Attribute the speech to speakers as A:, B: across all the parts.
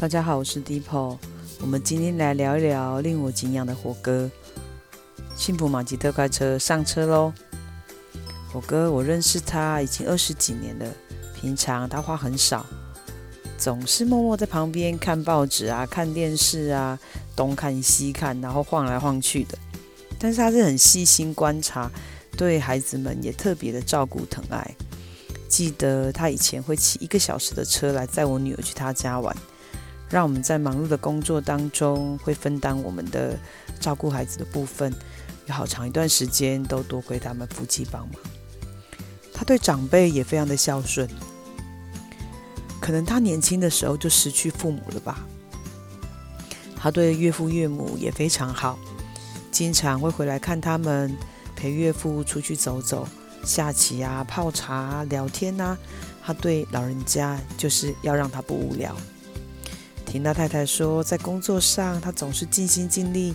A: 大家好，我是 Deepo。我們今天來聊一聊令我敬仰的火哥。幸福馬吉特快車，上車嘍！火哥，我認識他已經二十幾年了。平常他話很少，總是默默在旁邊看報紙啊、看電視啊，東看西看，然後晃來晃去的。但是他是很細心觀察，對孩子們也特別的照顧疼愛。記得他以前會騎一個小時的車來載我女兒去他家玩。讓我們在忙碌的工作當中，會分擔我們的照顧孩子的部分。有好長一段時間都多虧他們夫妻幫忙。他對長輩也非常的孝順，可能他年輕的時候就失去父母了吧。他對岳父岳母也非常好，經常會回來看他們，陪岳父出去走走，下棋啊，泡茶啊，聊天吶啊。他對老人家就是要讓他不無聊。聽大太太說，在工作上，他總是盡心盡力，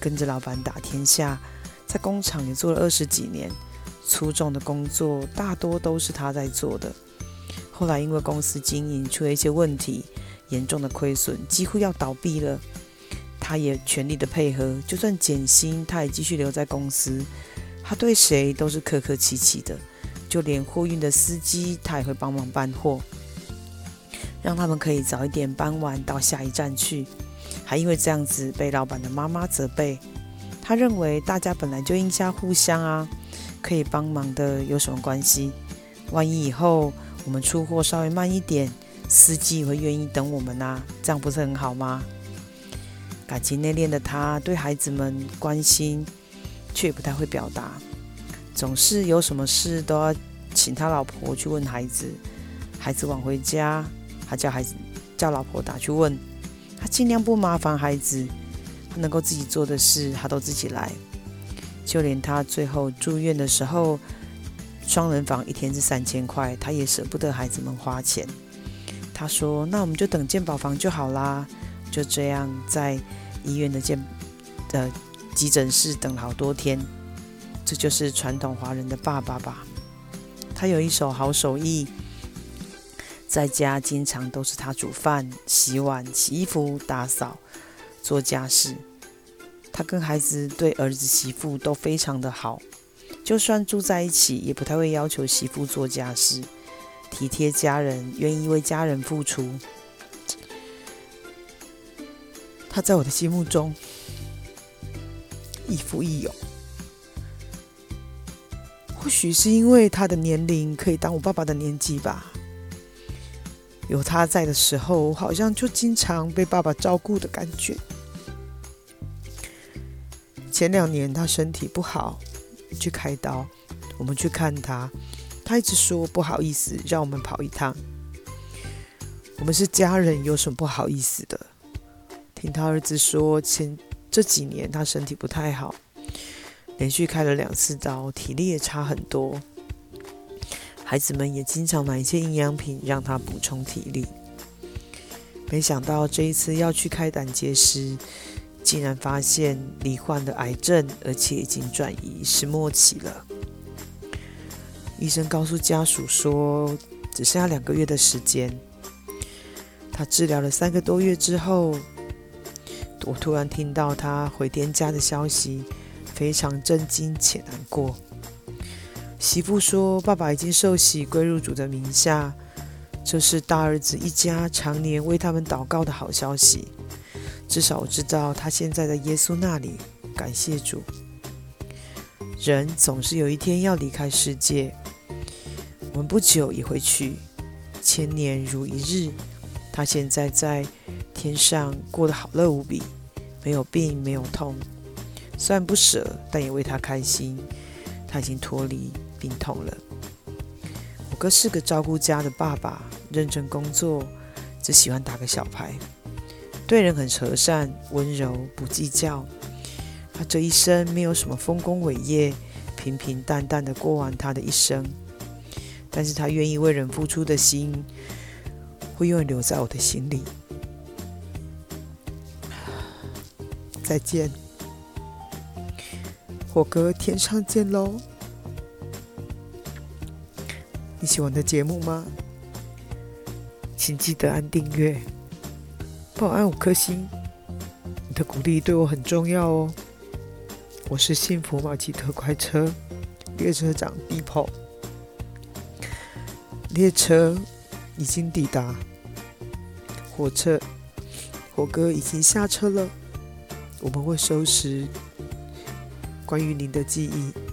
A: 跟着老板打天下，在工廠也做了二十幾年，粗重的工作大多都是他在做的。後來因為公司經營出了一些問題，嚴重的虧損，幾乎要倒閉了，他也全力的配合，就算減薪，他也繼續留在公司。他對誰都是客客氣氣的，就連貨運的司機，他也會幫忙搬貨。讓他們可以早一點搬完到下一站去，還因為這樣子被老闆的媽媽責備。他認為大家本來就應該互相啊，可以幫忙的有什麼關係？萬一以後我們出貨稍微慢一點，司機也會願意等我們啊，這樣不是很好嗎？感情內斂的他對孩子們關心，卻不太會表達，總是有什麼事都要請他老婆去問孩子，孩子晚回家。他叫孩子叫老婆打去問他，盡量不麻煩孩子，他能夠自己做的事他都自己來，就連他最後住院的時候，雙人房一天是三千塊，他也捨不得孩子們花錢。他說：“那我們就等健保房就好啦。”就這樣在醫院的健的急診室等了好多天，這就是傳統華人的爸爸吧。他有一手好手藝。在家經常都是他煮飯、洗碗、洗衣服、打掃、做家事。他跟孩子對兒子媳婦都非常的好，就算住在一起，也不太會要求媳婦做家事，體貼家人，願意為家人付出。他在我的心目中，亦父亦友。或許是因為他的年齡可以當我爸爸的年紀吧。有他在的
B: 時候，好像就經常被爸爸照顧的感覺。前兩年他身體不好，去開刀，我們去看
A: 他，他一直說不好意思，讓我們跑一趟。我們是家人，有什麼不好意思的？聽他兒子說，前這幾年他身體不太好，連續開了兩次刀，體力也差很多。孩子們也經常買一些營養品讓他補充體力。沒想到這一次要去開膽結石，竟然發現罹患了癌症，而且已經轉移，是末期了。醫生告訴家屬說，只剩下兩個月的時間。他治療了三個多月之後，我突然聽到他回天家的消息，非常震驚且難過。媳婦說：“爸爸已經受洗歸入主的名下，這是大兒子一家常年為他們禱告的好消息。至少我知道他現在在耶穌那裡，感謝主。人總是有一天要離開世界，我們不久也會去。千年如一日，他現在在天上過得好樂無比，沒有病，沒有痛。雖然不捨，但也為他開心。他已經脫離。”病痛了，我哥是個照顧家的爸爸，認真工作，只喜歡打個小牌，對人很和善、溫柔，不計較。他這一生沒有什麼豐功偉業，平平淡淡的過完他的一生。但是他願意為人付出的心，會永遠留
B: 在我的心裡。再見，火哥，天上見嘍。你喜歡的節目嗎？請記得按訂閱，幫我按五顆星。你的鼓勵對我很重要哦。我是幸福馬吉特快車，列車長 DPO。列車已經抵達。火車，火哥已經下車了。我們會收拾關於您的記憶。